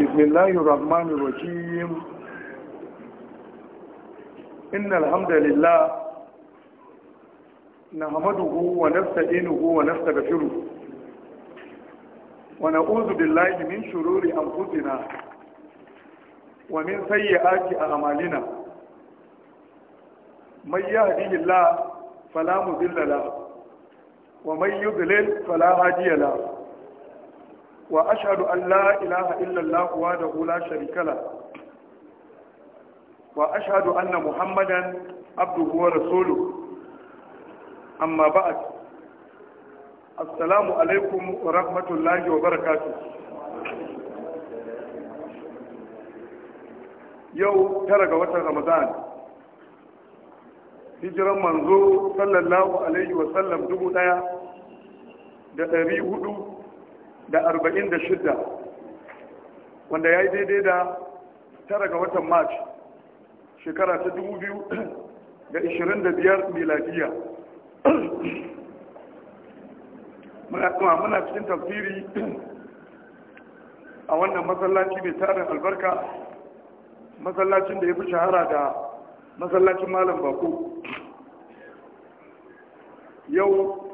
bismillahirrahmanirrahim innal hamdalillah nahmaduhu wa nasta'inuhu wa nastaghfiruh wa na'udhu billahi min shururi anfusina wa min sayyiati a'malina may fala mudilla lahu wa may yudlil fala hadiya lahu wa ashadu an la’ilaha illallah wa da hula sharikala wa ashadu anna muhammadan abduhu rasulu amma ba'ad assalamu alaikum wa rahmatullahi wa barakatuh yau tara ga watan ramadan hijiran manzo sallallahu alaihi wasallam dubu ɗaya da ɗari hudu da arba'in da shidda wanda ya yi daidai da tara ga watan march shekara ta dubu biyu da ishirin da biyar miladiya muna cikin tafsiri a wannan masallaci mai tarin albarka masallacin da ya fi shahara da masallacin malam bako yau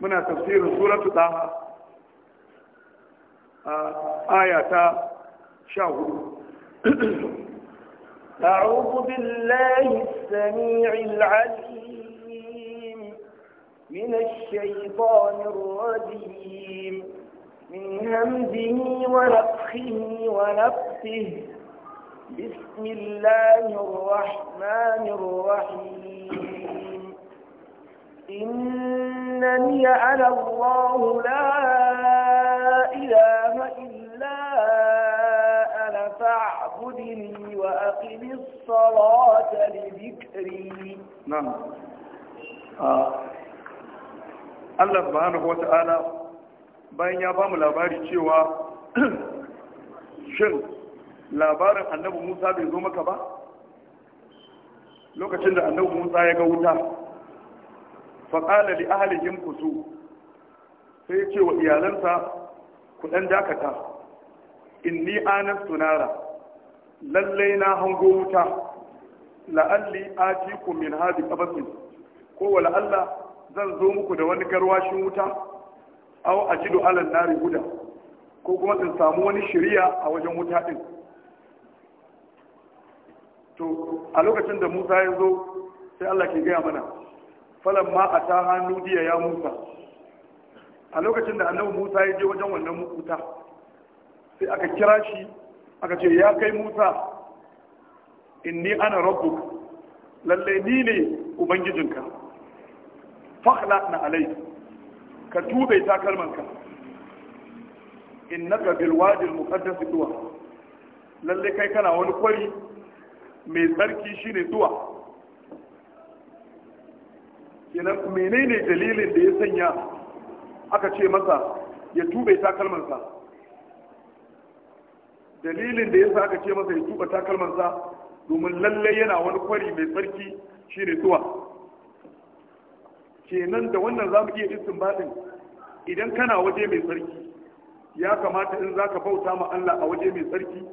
muna tafsirin suratu ɗaha آه، آيات ta أعوذ بالله السميع العليم من الشيطان الرجيم من همزه ونفخه ونفسه بسم الله الرحمن الرحيم إنني أنا الله لا إله إلا أنا فاعبدني وأقم الصلاة لذكري نعم Allah subhanahu wata ala bayan ya ba mu labari cewa shin labarin annabi Musa bai zo maka ba lokacin da annabi Musa ya ga wuta faƙala li ahalihim kusu sai ya ce wa iyalansa ku dan dakata inni anan sunara lallai na hango wuta la'alli atiku min hadi qabatin ko wala Allah zan zo muku da wani garwashin wuta aw ajidu ala nari guda ko kuma in samu wani shiriya a wajen wuta din to a lokacin da Musa ya zo sai Allah ke gaya mana falamma hannu nudiya ya Musa a lokacin da annabi musa ya je wajen wannan mukuta sai aka kira shi aka ce ya kai musa inni ana rabbuk lalle ni ne ubangijinka fakhla na alai ka tube kalmanka innaka bil wadi al muqaddas tuwa lalle kai kana wani kwari mai tsarki shine tuwa kenan menene dalilin da ya sanya aka ce masa ya tube takalmansa dalilin da yasa aka ce masa ya tuba takalmansa domin lallai yana wani kwari mai tsarki shine tuwa kenan da wannan zamu mu iya baɗin, idan kana waje mai tsarki ya kamata in zaka bauta ma Allah a waje mai tsarki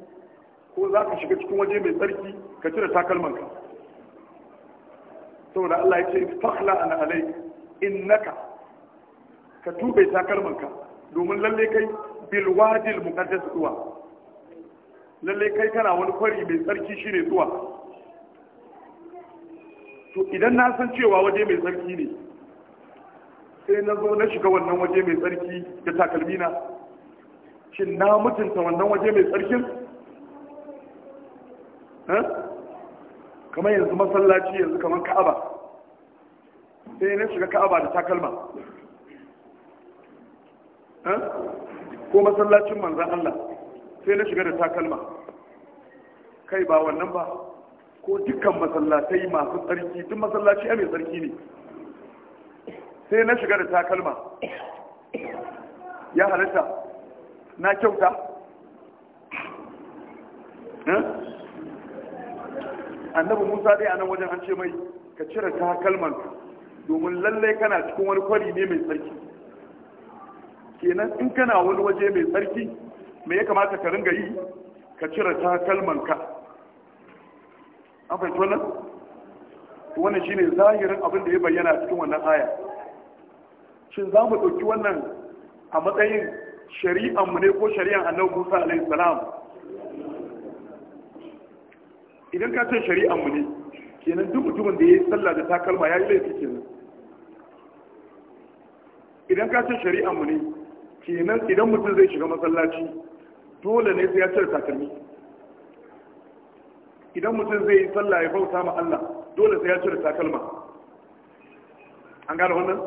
ko za ka shiga cikin waje mai tsarki ka cire takalmanka saboda Allah ya ce fakhla an alayk innaka ka tube takalmanka domin lalle kai bilwadil muqaddas zuwa lalle kai kana wani kwari mai tsarki shine zuwa to idan na san cewa waje mai tsarki ne sai na zo na shiga wannan waje mai tsarki da takalmina shin na mutunta wannan waje mai tsarkin eh? kamar yanzu masallaci yanzu kamar ka'aba sai na shiga ka'aba da takalma ko masallacin manzan Allah sai na shiga da takalma kai ba wannan ba ko dukkan masallatai masu tsarki duk masallaci a mai tsarki ne sai na shiga da takalma ya halitta na kyauta annabi musa dai a nan wajen an ce mai ka cire takalman domin lallai kana cikin wani kwari ne mai tsarki kenan in kana wani waje mai tsarki me ya kamata ka ringa yi ka cire takalmanka an fahimci wannan wannan shine zahirin abin da ya bayyana cikin wannan aya shin za mu ɗauki wannan a matsayin shari'anmu ne ko shari'an annabi musa alaihi salam idan ka ce shari'anmu ne kenan duk mutumin da ya yi sallah da takalma ya yi laifi kenan idan ka ce shari'anmu ne kenan idan mutum zai shiga masallaci dole ne sai ya cire takalmi idan mutum zai yi sallah ya bauta ma Allah dole sai ya cire takalma an gane wannan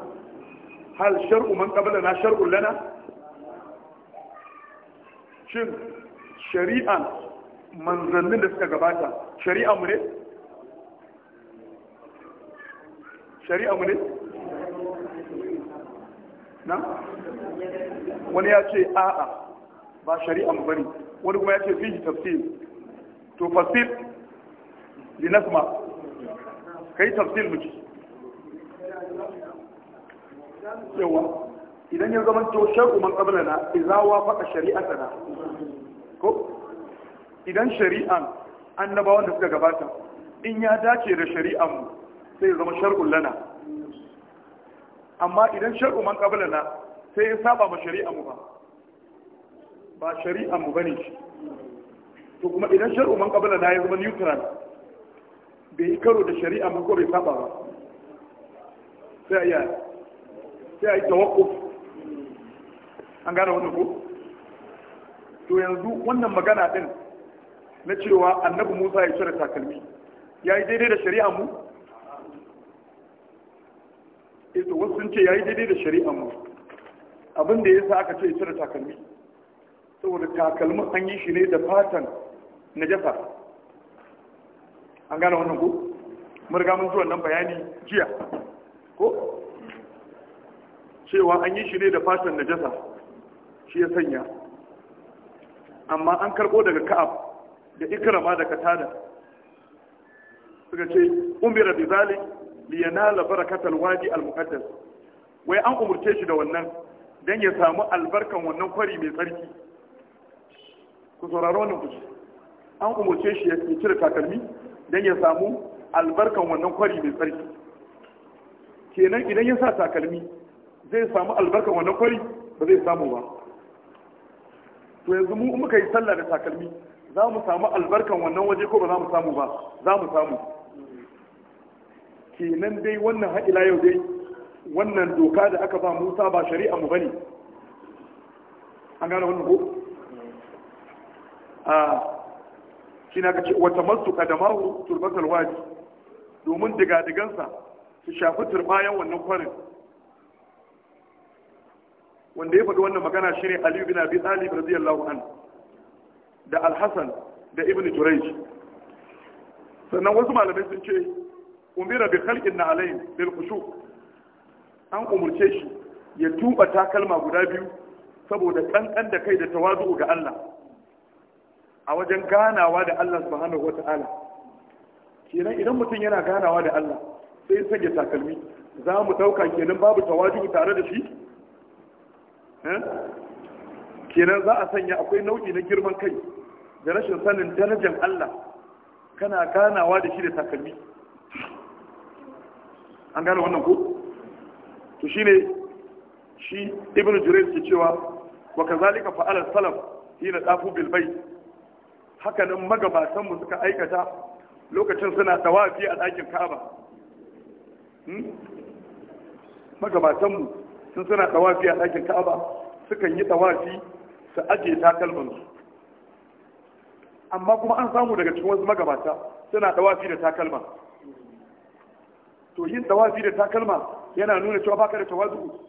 hal shar'u man qabla na shar'u lana shin shari'a manzannin da suka gabata shari'a mu ne shari'a mu ne na wani ya ce a'a ba shari'a mu bari wani kuma ya ce fihi tafsir to fasir li nasma kai tafsir mu ci yawa idan ya zama to na, man qablana idza wafaqa na? ko idan shari'an annabawan da suka gabata in ya dace da shari'a mu sai ya zama shari'a lana amma idan shar'u man na. sai ya saba ba shari'a mu ba ba shari'a mu bane shi to kuma idan shar'u man kabila na ya zama neutral bai yi karo da shari'a mu ko bai saba ba sai ya sai ya yi tawakkuf an gane wannan ko to yanzu wannan magana din na cewa annabi Musa ya cire takalmi ya yi daidai da shari'a mu? Ito eh wasu sun ce ya yi daidai da shari'a mu. abin da ya sa aka ce cire takalmi saboda takalmin an yi shi ne da fatan na jasa an gane wannan ko murga mun zuwa nan bayani jiya ko cewa an yi shi ne da fatan na jasa shi ya sanya amma an karɓo daga ka'ab da ikrama da tada suka ce umira bi zalik li yanala wadi al muqaddas wai an umurce shi da wannan don ya samu albarkan wannan kwari mai tsarki ku sauraro wannan kuji an umarce shi ya cire takalmi don ya samu albarkan wannan kwari mai tsarki kenan idan ya sa takalmi zai samu albarkan wannan kwari ba zai samu ba to yanzu mu muka yi sallah da takalmi za mu samu albarkan wannan waje ko ba za mu samu ba za mu samu kenan dai wannan haɗila yau dai wannan doka da aka ba musa ba shari'a mu bane an gane wannan ko a ah, shi na kace wata masu kadamahu turbatar waji domin digadigansa su shafi turbayan wannan kwarin wanda ya faɗi wannan magana shine ne aliyu bin abi talib radiyallahu an da alhassan da ibn jurayj sannan wasu malamai sun ce umira bi khalqin na alayhi bil khushu' an umurce shi ya tuba takalma guda biyu saboda ɗanɗan da kai da tawazu ga Allah a wajen ganawa da Allah subhanahu wata'ala kenan idan mutum yana ganawa da Allah sai ya sanya takalmi za mu dauka kenan babu tawazu tare da shi eh? kenan za a sanya akwai nau'i na girman kai da rashin sanin darajar Allah kana ganawa da shi da takalmi an gane wannan ko to ne shi Ibn jurayj ke cewa wa kazalika fa'ala salaf hina dafu bil bayt haka nan magabatan mu suka aikata lokacin suna tawafi a ɗakin Ka'aba hmm? magabatan mu sun suna tawafi a ɗakin Ka'aba sukan yi tawafi su aje takalman su amma kuma an samu daga cikin wasu magabata suna tawafi da takalma to yin tawafi da takalma yana nuna cewa baka da tawazu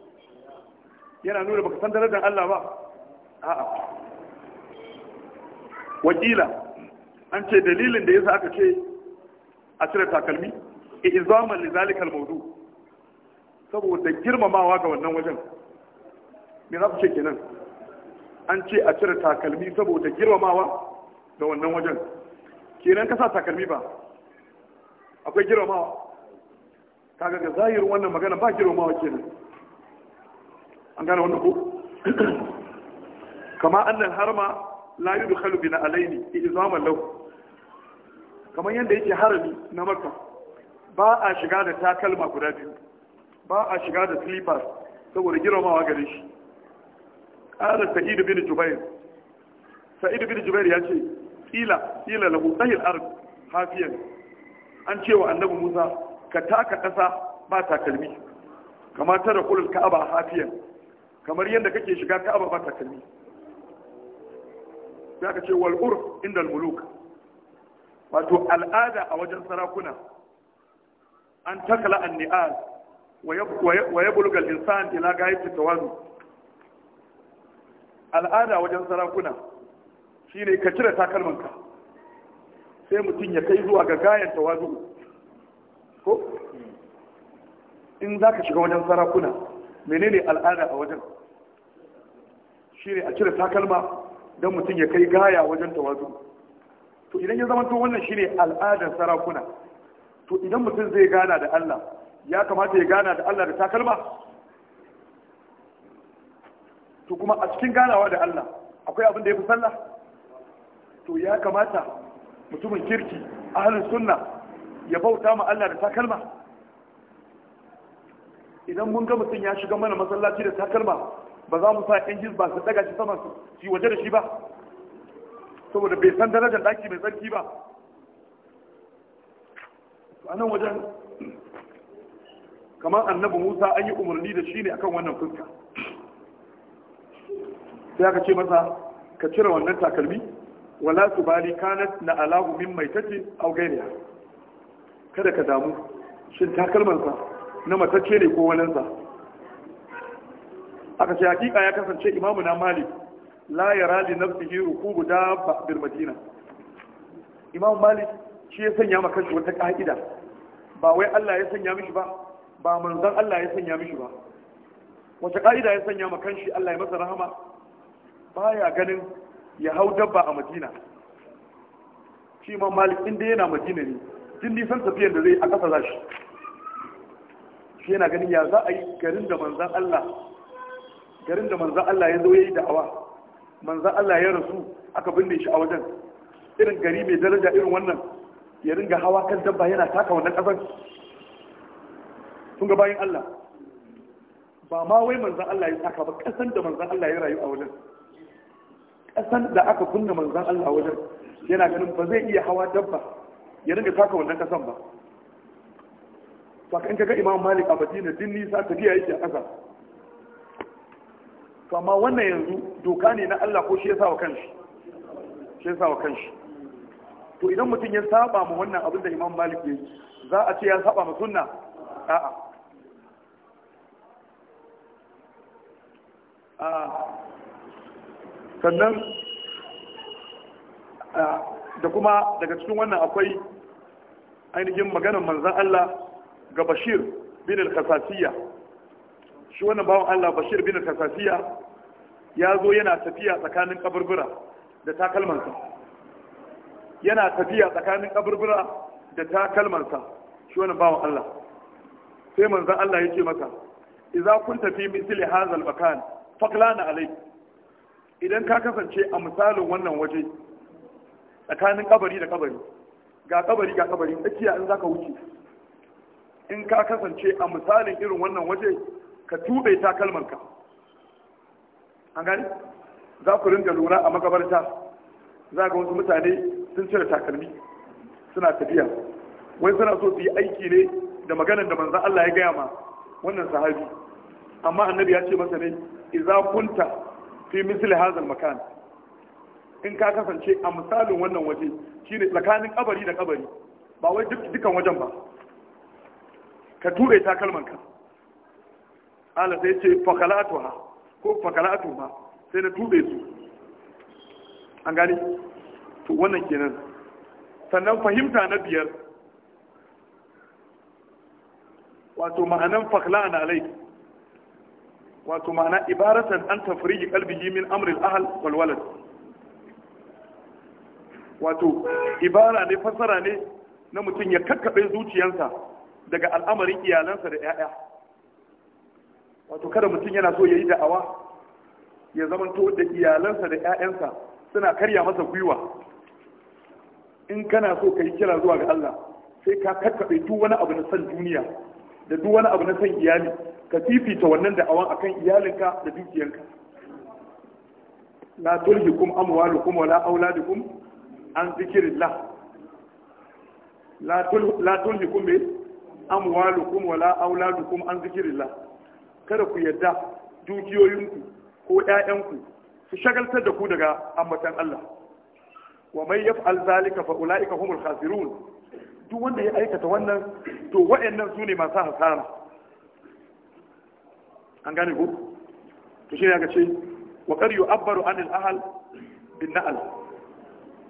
yana nuna baka san darajar Allah ba a'a wakila an ce dalilin da yasa aka ce a cire takalmi izaman li zalikal mawdu saboda girmamawa ga wannan wajen me za ku ce kenan an ce a cire takalmi saboda girmamawa ga wannan wajen kenan ka sa takalmi ba akwai girmamawa kaga ga zahirin wannan magana ba girmamawa kenan an gane wannan ko kama annan harma la yudkhalu bina alaini izaman lahu Kama yadda yake harami na makka ba a shiga da takalma guda biyu ba a shiga da slippers saboda girmamawa gare shi ƙara sa'id bin jubair sa'id bin jubair ya ce ila ila lahu ɗahil arz hafiyan an ce wa annabi musa ka taka ƙasa ba takalmi kamar tara kulul ka'aba hafiyan kamar yadda kake shiga ka'aba ba takalmi sai aka ce wal urf inda muluk wato al'ada a wajen sarakuna an takala an ni'az wa yabluga al-insan ila ghayati tawazu al'ada wajen sarakuna shine ka cire takalmanka sai mutum ya kai zuwa ga gayan tawazu ko in za ka shiga wajen sarakuna menene al'ada a wajen shi ne a cire takalma don mutum ya kai gaya wajen tawazu to idan ya zama to wannan shi ne al'adar sarakuna to idan mutum zai gana da Allah ya kamata ya gana da Allah da takalma to kuma a cikin ganawa da Allah akwai abin da ya fi sallah to ya kamata mutumin kirki ahalin sunna ya bauta ma Allah da takalma idan mun ga mutum ya shiga mana masallaci da takalma ba za mu sa injin ba su daga shi sama su waje da shi ba saboda bai san darajar daki mai tsarki ba a nan wajen kamar annabi musa an yi umarni da shi ne akan wannan fuska sai aka ce masa ka cire wannan takalmi wala su bali kanat na alahu min mai tace au kada ka damu shi takalmansa na matacce ne ko walansa aka ce hakika ya kasance imamu na malik la ya rali hiru ku guda bil madina imamu malik shi ya sanya maka shi wata ka'ida ba wai Allah ya sanya mishi ba ba manzan Allah ya sanya mishi ba wata ka'ida ya sanya maka shi Allah ya masa rahama ya ganin ya hau dabba a madina shi imamu malik inda yana madina ne din nisan tafiyar da zai a ƙasa za shi shi yana ganin ya za a yi garin da manzan Allah garin da manzan Allah ya zo ya yi da'awa manzan Allah ya rasu aka binne shi a wajen irin gari mai daraja irin wannan ya ringa hawa kan dabba yana taka wannan ƙasar sun ga bayan Allah ba ma wai manzan Allah ya taka ba ƙasan da manzan Allah ya rayu a wajen ƙasan da aka kunna manzan Allah wajen yana ganin ba zai iya hawa dabba ya dinga taka wannan kasan ba saka in kaga imam malik a madina din nisa tafiya yake a kasa to amma wannan yanzu doka ne na Allah ko shi ya sa wa kanshi shi ya sa wa kanshi to idan mutum ya saba mu wannan abin da imam malik ya yi za a ce ya saba mu sunna a'a sannan da kuma daga cikin wannan akwai ainihin maganar manzan Allah ga Bashir bin al-Kasasiya shi wannan bawan Allah Bashir bin al-Kasasiya ya zo yana tafiya tsakanin kaburbura da takalmansa yana tafiya tsakanin kaburbura da takalmansa shi wannan bawan Allah sai manzan Allah ya ce masa idza kunta tafi misli hadha al-makan faqlana alayk idan ka kasance a misalin wannan waje tsakanin kabari da kabari ga kabari ga kabari tsakiya in zaka wuce in ka kasance a misalin irin wannan waje ka tube takalmanka an gani za ku ringa lura a makabarta za ga wasu mutane sun cire takalmi suna tafiya wai suna so su yi aiki ne da maganar da manzan Allah ya gaya ma wannan sahabi amma annabi ya ce masa ne idza kunta fi misli hadha makan in ka kasance a misalin wannan waje shine tsakanin kabari da kabari ba wai dukkan wajen ba ka ture takalman ka Allah sai ce fakalatuha ko ma sai na ture su an gani to wannan kenan sannan fahimta na biyar wato ma'anan fakla'an alai wato ma'ana ibaratan an tafriji kalbi min amri al-ahl wal walad wato ibara ne fasara ne na mutum ya kakkaɓe zuciyarsa daga al'amarin iyalansa da 'ya'ya wato kada mutum yana so ya yi da'awa ya zamanto da iyalansa da 'ya'yansa suna karya masa gwiwa in kana so ka yi kira zuwa ga Allah sai ka kakkaɓe duk wani abu na san duniya da duk wani abu na san iyali ka fifita wannan da'awan akan iyalinka da dukiyarka la tulhikum amwalukum wala auladukum an zikirillah la tulhikum bi amwalukum wala auladukum an La, kada ku yadda dukiyoyinku ko ƴaƴanku su shagaltar da ku daga ambatan Allah wa may yaf'al zalika fa ulaika humul khasirun duk wanda ya aikata wannan to waɗannan su ne masu hasara an gane ku to shi ne aka ce wa qad yu'abbaru anil ahl bin na'al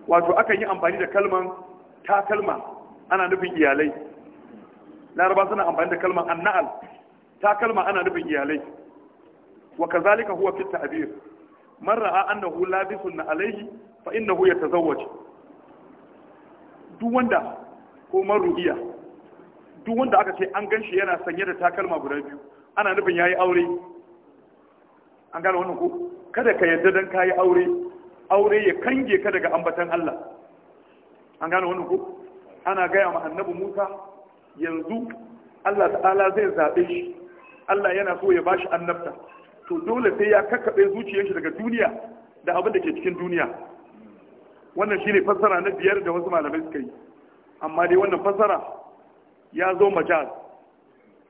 wato akan yi amfani da kalman takalma ana nufin iyalai laraba suna amfani da kalman anna'al takalma ana nufin iyalai wa kazalika huwa fi ta'bir man ra'a annahu labisun alayhi fa innahu yatazawwaj duk wanda ko maruhiya duk wanda aka ce an ganshi yana sanye da takalma guda biyu ana nufin yayi aure an gane wannan ko kada ka yadda dan kayi aure aure ya kange ka daga ambatan Allah an gane wannan ko ana gaya ma annabi Musa yanzu Allah ta'ala zai zaɓe shi Allah yana so ya bashi annabta to dole sai ya kakkaɓe zuciyar shi daga duniya da abin da ke cikin duniya wannan shine fassara na biyar da wasu malamai suka yi amma dai wannan fassara ya zo majaz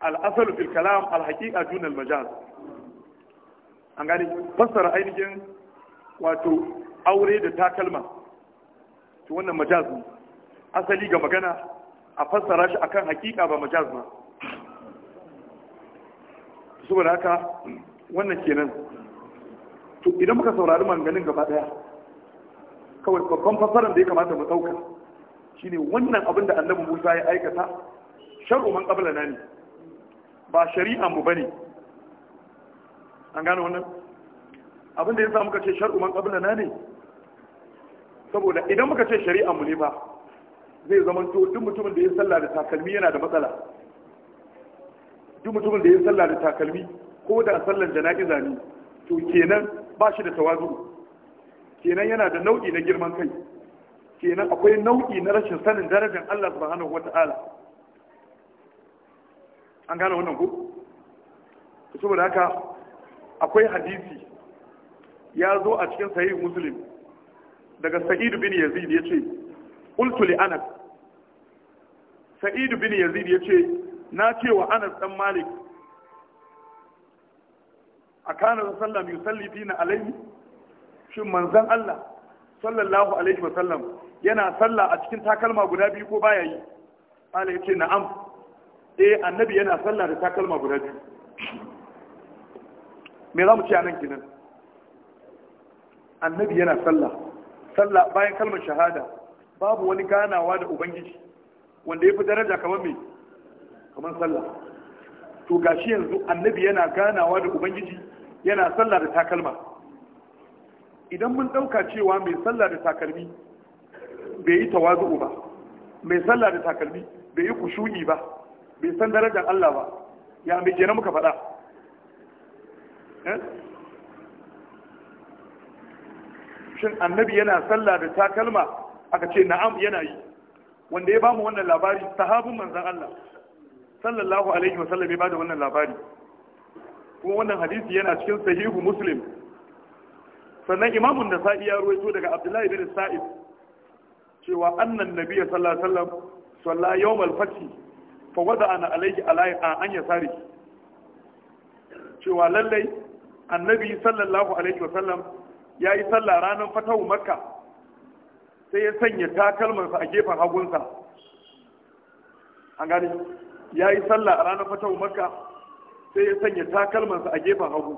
al fil kalam al-haqiqa dun al-majaz an gane fassara ainihin wato aure da takalma to wannan majaz ne asali ga magana a fassara shi akan hakika ba majaz ba saboda haka wannan kenan to idan muka saurari manganin gaba daya kawai babban fassara da ya kamata mu dauka shine wannan abin da annabi Musa ya aikata shar'u man qabla ne ba shari'a mu bane an gane wannan abin da ya sa muka ce shar'u man qabla na ne saboda idan muka ce shari'a mu ne ba zai zama to duk mutumin da ya sallah da takalmi yana da matsala duk mutumin da ya sallah da takalmi ko da sallan jana'iza ne to kenan ba shi da tawazu kenan yana da nau'i na girman kai kenan akwai nau'i na rashin sanin darajar Allah subhanahu wata'ala an gane wannan ku saboda haka akwai hadisi ya zo a cikin sahih muslim daga sa'id bin yazid ya ce qultu li anas sa'id bin yazid ya ce na ce wa anas dan malik akana sallam yusalli fina alaihi shin manzan Allah sallallahu alaihi wa sallam yana sallah a cikin takalma guda biyu ko baya yi ala yace na'am eh annabi yana sallah da takalma guda biyu me za mu ci anan kinan annabi yana sallah sallah bayan kalmar shahada babu wani ganawa da ubangiji wanda ya fi daraja kamar mai kamar sallah to gashi yanzu annabi yana ganawa da ubangiji yana sallah da takalma idan mun ɗauka cewa mai sallah da takalmi bai yi tawazu ba mai sallah da takalmi bai yi kushuni ba bai san darajar Allah ba ya mai kenan muka faɗa eh? shin annabi yana sallah da takalma aka ce na'am yana yi wanda ya bamu wannan labari sahabin manzon Allah sallallahu alaihi wa sallam ya bada wannan labari kuma wannan hadisi yana cikin sahihu muslim sannan imamun da sa'i ya ruwaito daga abdullahi bin sa'id cewa annan nabi sallallahu alaihi wasallam salla yawmal fathi fa wada'ana alayhi alai an yasari cewa lallai annabi sallallahu alaihi wasallam ya yi sallah ranar fatawu makka sai ya sanya takalmarsa a gefen hagunsa an gani ya yi sallah a ranar fatawu makka sai ya sanya takalmarsa a gefen hagu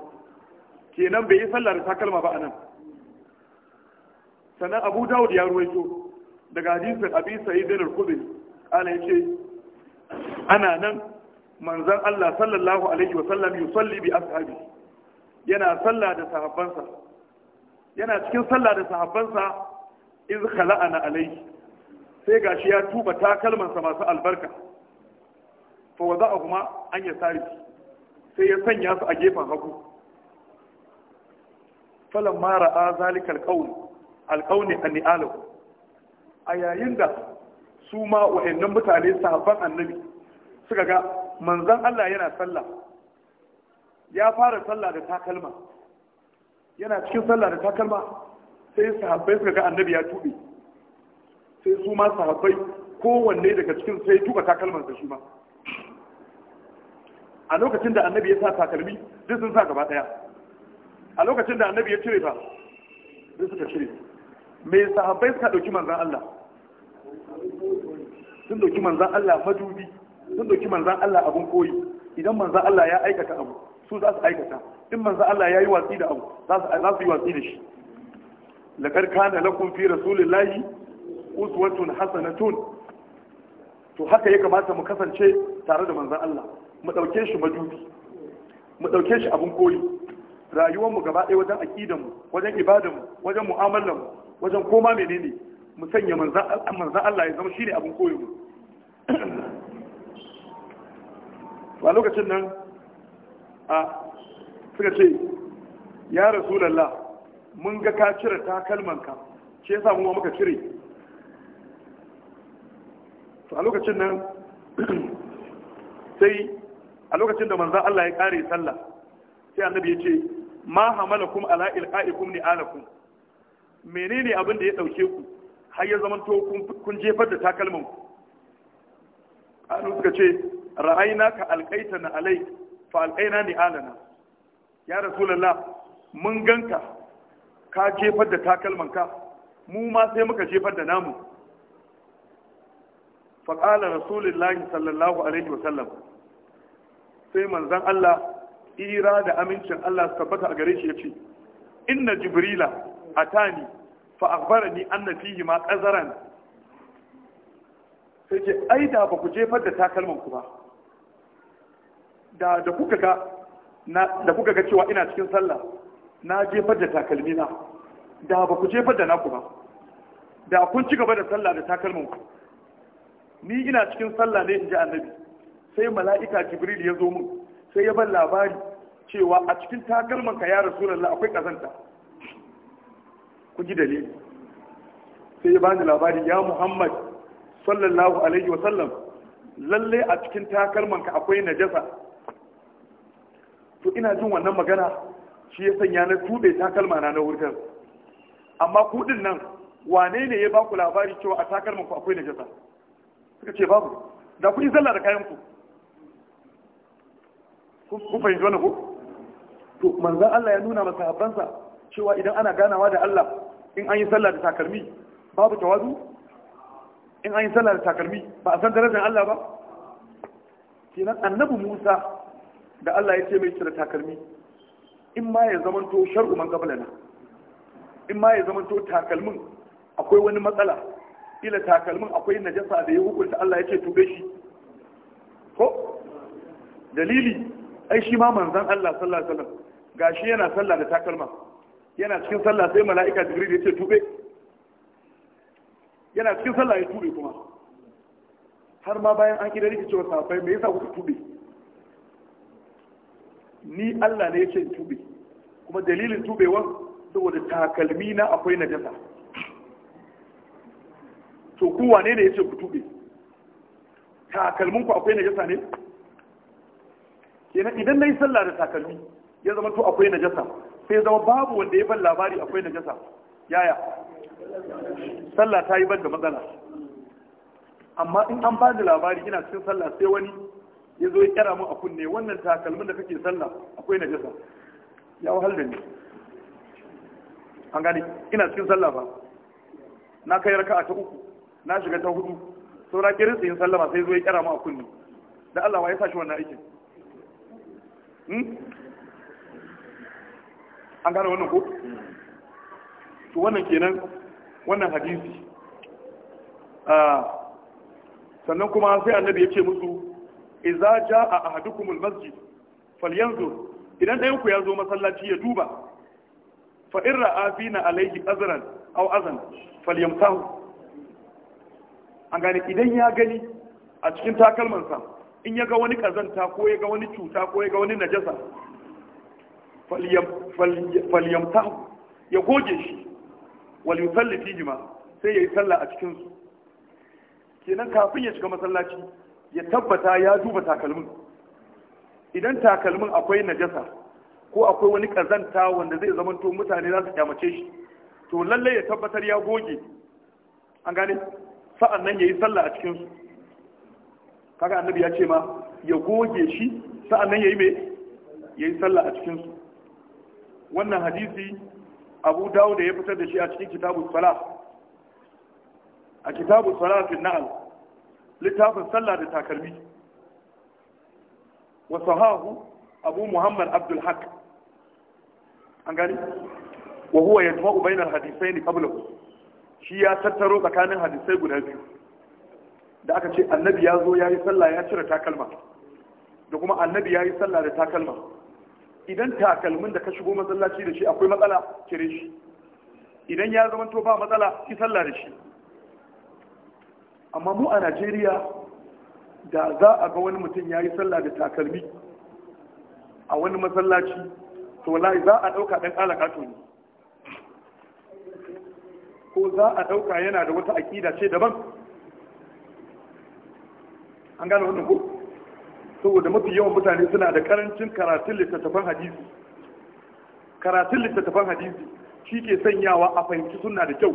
kenan bai yi sallah da takalma ba a nan sannan abu dawud ya ruwaito daga hadisin abi sa'idin al-khudri ana yace ana nan manzon Allah sallallahu alaihi wa sallam yusalli bi ashabi yana sallah da sahabbansa yana cikin sallah da sahabbansa iz khala'ana alai sai gashi ya tuba takalmansa masu albarka fa kuma an ya sari sai ya sanya su a gefen hagu falamma ra'a zalika alqawl alqawni anni alu a yayin da su ma wa'annan mutane sahabban annabi suka ga manzon Allah yana sallah ya fara sallah da takalma yana cikin sallah da takalma sai sahabbai suka ga annabi ya tube sai su ma sahabbai kowanne daga cikin sai tuba takalman sa shi ma a lokacin da annabi ya sa takalmi duk sun sa gaba daya a lokacin da annabi ya cire ta duk suka cire me sahabbai suka dauki manzon Allah sun dauki manzon Allah madubi sun dauki manzon Allah abun koyi idan manzon Allah ya aikata abu su za su aikata in manzo Allah ya yi watsi da abu za su yi watsi da shi laqad kana lakum fi rasulillahi uswatun hasanatun to haka ya kamata mu kasance tare da manzo Allah mu dauke shi madubi mu dauke shi abun koyi rayuwar mu gaba ɗaya wajen aqidar mu wajen ibadar mu wajen mu'amalar mu wajen koma menene mu sanya manzo Allah ya zama shine abun koyi mu a lokacin nan a suka ce ya rasulallah mun ga ka cire takalmanka shi yasa mu muka cire to a lokacin nan sai a lokacin da manzan Allah ya kare sallah sai annabi ya ce ma hamalakum ala ilqaikum ni alakum menene abin da ya dauke ku har ya zamanto kun jefar da takalmanku ku suka ce ra'ayna ka na alai fa ne alana ya lalla mun ganka ka jefar da takalmanka mu ma sai muka jefar da namu fa qala sallallahu alaihi wa sai manzon Allah ira da amincin Allah su tabbata a gare shi ya ce. inna jibrila a atani fa na fi yi ma qazaran sai ce ai da ba ku jefar da takalmanku ba da da kuka ga na da kuka ga cewa ina cikin sallah na jefar da takalmi na da ba ku jefar da naku ba da kun ci gaba da sallah da takalmin ku ni ina cikin sallah ne in ji annabi sai mala'ika jibril ya zo min sai ya bar labari cewa a cikin takalmin ka ya rasulullah akwai kazanta ku ji dalili sai ya bani labari ya muhammad sallallahu alaihi wa sallam lalle a cikin takalmin ka akwai najasa to ina jin wannan magana shi ya sanya na tube takalma na na wurgar amma kudin nan wane ne ya baku labari cewa a takalman ku akwai najasa suka ce babu da kuɗi zalla da kayan ku ku fahimci wannan ku to manzon Allah ya nuna masa habbansa cewa idan ana ganawa da Allah in an yi sallah da takalmi babu tawazu in an yi sallah da takalmi ba a san darajar Allah ba kenan annabi Musa da Allah ya ce mai cire takalmi in ma ya zamanto shar'u man qablana in ma ya zamanto takalmin akwai wani matsala ila takalmin akwai najasa da ya hukunta Allah ya ce tube shi ko dalili ai shi ma manzon Allah sallallahu alaihi wasallam gashi yana sallah da takalma yana cikin sallah sai mala'ika jibril ya ce tube yana cikin sallah ya tube kuma har ma bayan an kira rikicewa safai me yasa kuka tube ni Allah ne ya ce tube kuma dalilin tubewa saboda takalmi na akwai najasa to ku wane ne ya ce ku tube takalmin ku akwai najasa ne kenan idan na yi sallah da takalmi ya zama to akwai najasa sai zama babu wanda ya ban labari akwai najasa yaya sallah ta yi ban da matsala amma in an ba da labari ina cikin sallah sai wani ya zo ya kyara mu a kunne wannan takalmin da kake sallah akwai na jasa ya wahal da ni an gani ina cikin sallah ba na kai raka'a ta uku na shiga ta hudu saura kirin yin sallama sai zo ya kyara mu a kunne da Allah wa ya sa shi wannan aikin hmm? an gane wannan ko to wannan kenan wannan hadisi ah, sannan kuma sai annabi ya ce musu Iza ja a ahadukumul masjid falyanzur idan ɗayan ku ya zo masallaci ya duba fa in ra'a fina alayhi azran aw azan falyamsahu an gane idan ya gani a cikin sa in ya ga wani kazanta ko ya ga wani cuta ko ya ga wani najasa falyamtahu ya goge shi wal yusalli fihima sai ya yi sallah a cikin su kenan kafin ya shiga masallaci ya tabbata ya duba takalmin idan takalmin akwai najasa ko akwai wani kazanta wanda zai zamanto mutane za su kyamace shi to lalle ya tabbatar ya goge an gane sa'an nan ya yi sallah a cikinsu kaga annabi ya ce ma ya goge shi sa'an nan ya yi mai ya yi sallah a cikinsu wannan hadisi abu dawo da ya fitar da shi a cikin kitabu sala a kitabu sala fi na'al littafin sallah da takalmi wa sahahu abu muhammad abdul haq an gani wa huwa yajma'u bainal hadithaini qablahu shi ya tattaro tsakanin hadisai guda biyu da aka ce annabi ya zo ya yi sallah ya cire takalma da kuma annabi ya yi sallah da takalma idan takalmin da ka shigo masallaci da shi akwai matsala cire shi idan ya zama to ba matsala ki sallah da shi amma mu a najeriya da za a ga wani mutum ya yi sallah da takalmi a wani masallaci to wallahi za a ɗauka ɗan alaƙato ne ko za a ɗauka yana da wata aƙida ce daban an gane wannan ko saboda mafi yawan mutane suna da karancin karatun littattafan hadisi karatun littattafan hadisi shi ke sanyawa a fahimci suna da kyau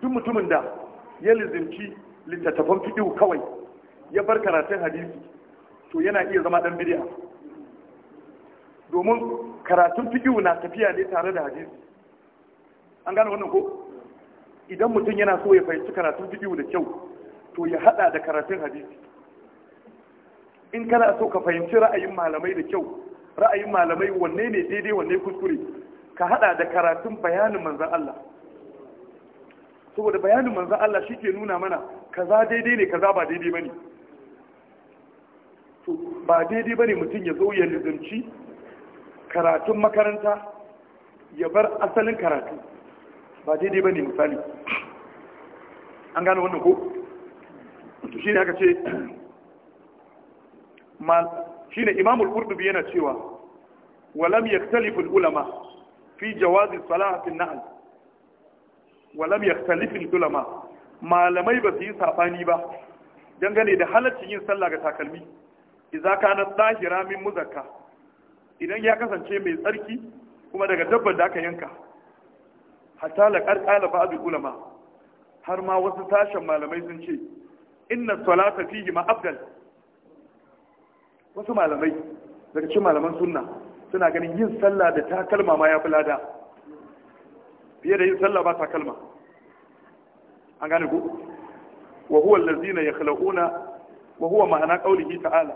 duk mutumin da ya lizinci littattafan fiƙihu kawai ya bar karatun hadisi to yana iya zama ɗan bidiya domin karatun fiƙihu na tafiya ne tare da hadisi an gane wannan ko idan mutum yana so ya fahimci karatun fiƙihu da kyau to ya haɗa da karatun hadisi in kana so ka fahimci ra'ayin malamai da kyau ra'ayin malamai wanne ne daidai wanne kuskure ka haɗa da karatun bayanin manzan Allah saboda bayanin manzan Allah shi ke nuna mana kaza daidai ne kaza ba daidai ba ne ba daidai ba ne mutum ya zo ya lizanci karatun makaranta ya bar asalin karatu ba daidai ba ne misali an gane wannan ko shi ne aka ce shi ne imamul urdubi yana cewa walam yaktalifu ulama fi jawazin salahatin na'al walam yaktalifil ulama malamai ba su yi safani ba dangane da halaccin yin sallah ga takalmi idza kana tsahira min muzakka idan ya kasance mai tsarki kuma daga dabbar da aka yanka hatta la ba abin ulama har ma wasu tashin malamai sun ce inna salata fihi ma afdal wasu malamai daga cikin malaman sunna suna ganin yin sallah da takalma ma ya fi lada fiye da yin sallah ba takalma an gane ku wa huwa allazina yakhlaquna wa huwa ma'ana qawlihi ta'ala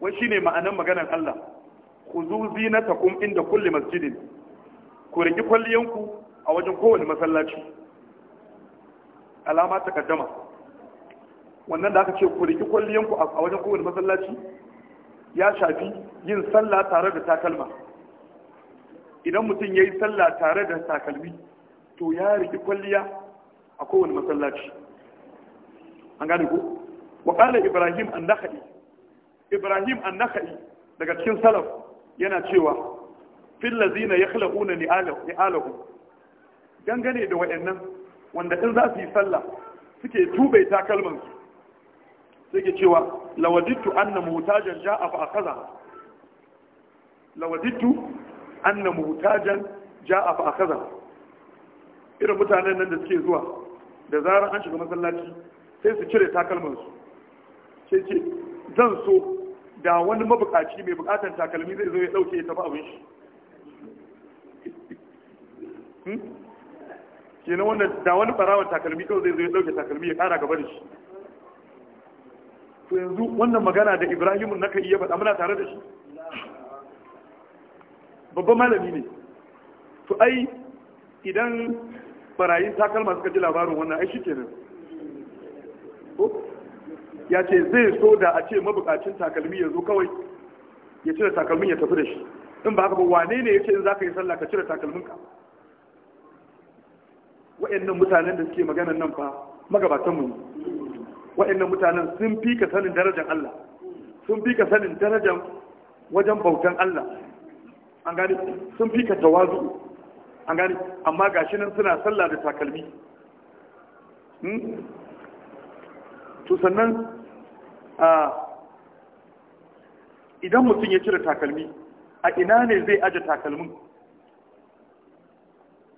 wai shine ma'anan maganar Allah khuzu zinatakum inda kulli masjidin ku riki kwalliyanku a wajen kowane masallaci alama ta kaddama wannan da aka ce ku riki kwalliyanku a wajen kowane masallaci ya shafi yin sallah tare da takalma idan mutum ya yi sallah tare da takalmi to ya riki kwalliya a kowane masallaci an gane ko waƙalar ibrahim an-nakhai ibrahim an-nakhai daga cikin salaf yana cewa kula ladina ni li'alahu dangane da waɗannan wanda in za su yi sallah suke tubai takalman su ke cewa lawadittu anna mutajen ja'a a kaza lawadittu anna mutajan ja'a fa akaza irin mutanen nan da suke zuwa da zarar an shiga masallaci sai su cire takalman su sai ce zan so da wani mabukaci mai bukatan takalmi zai zo ya dauke ya tafi abin shi hmm? kenan wannan da wani barawan takalmi kawai zai zo ya dauke takalmi ya kara gaba da shi to yanzu wannan magana da Ibrahimun naka iya faɗa muna tare da shi babban malami ne to ai idan barayin takalma suka ji labarin wannan ai shikenan ya ce zai so da a ce mabukacin takalmi ya zo kawai ya cire takalmin ya tafi da shi in ba haka ba wane ne ya ce in za ka yi sallah ka cire takalminka wa'annan mutanen da suke maganan nan fa magabatanmu ne wa'annan mutanen sun fi ka sanin darajar Allah sun fi ka sanin darajar wajen bautan Allah an gani sun fi ka tawazu an gani amma gashi nan suna sallah da takalmi hmm? to sannan a idan mutum ya cire takalmi a ina ne zai aje takalmin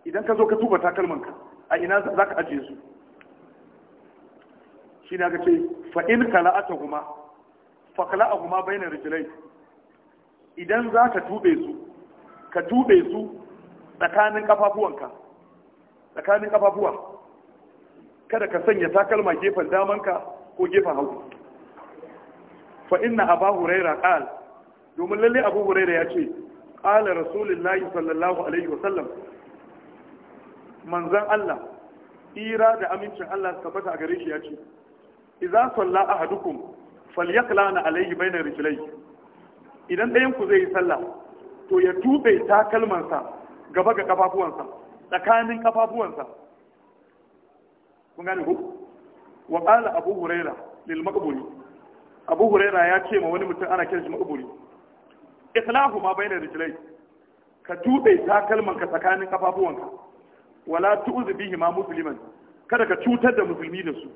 idan ka zo ka tuba ka, a ina za ka aje su shi ne aka ce fa'in kala'ata kuma fakala a kuma bayanin rijilai idan za ka tube su ka tube su tsakanin kafafuwanka tsakanin kafafuwa kada ka sanya takalma gefen damanka ko gefen hagu fa inna aba huraira qal domin lalle abu huraira ya ce qala rasulullahi sallallahu alaihi wasallam Manzan Allah ira da amincin Allah ka a gare shi ya ce idza salla ahadukum falyaklana alaihi bainar rijlai idan ɗayan zai yi sallah to ya tube takalmansa gaba ga kafafuwansa tsakanin kafafuwansa kun gane ku wa qala abu huraira lil maqburi abu huraira ya ce ma wani mutum ana kiran shi maqburi islahu ma bayna rijlai ka tube takalmanka tsakanin kafafuwanka wala tu'zi bihi ma musliman kada ka cutar da musulmi da su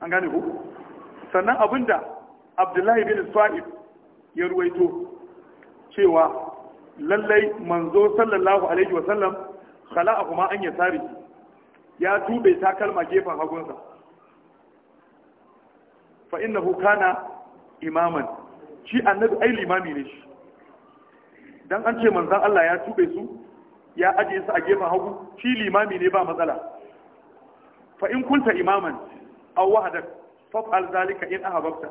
an gane ku sannan abinda abdullahi bin sa'id ya ruwaito cewa lallai manzo sallallahu alaihi wa sallam khala'a kuma an yasari ya tube takalma gefen hagunsa fa innahu kana imaman shi annabi ai limami ne shi dan an ce manzon Allah ya tube su ya aje su a gefen hagu shi limami ne ba matsala fa in kunta imaman aw wahadak fa'al zalika in ahabta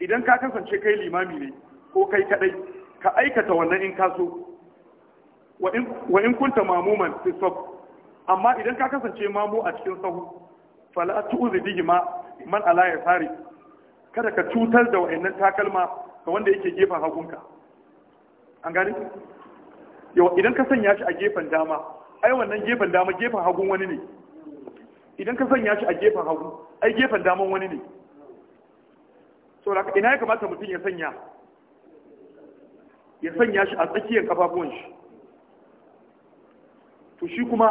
idan ka kasance kai limami ne ko kai kadai ka aikata wannan in kaso wa in kunta mamuman fi amma idan ka kasance mamu a cikin sahu fala tu'zi bihi ma man ala ya kada ka cutar da wayannan takalma ga wanda yake gefen hagunka an gani Yau, idan ka sanya shi a gefen dama ai wannan gefen dama gefen hagun wani ne idan ka sanya shi a gefen hagu ai gefen daman wani ne so ina ya kamata mutum ya sanya ya sanya shi a tsakiyar kafafuwan shi to shi kuma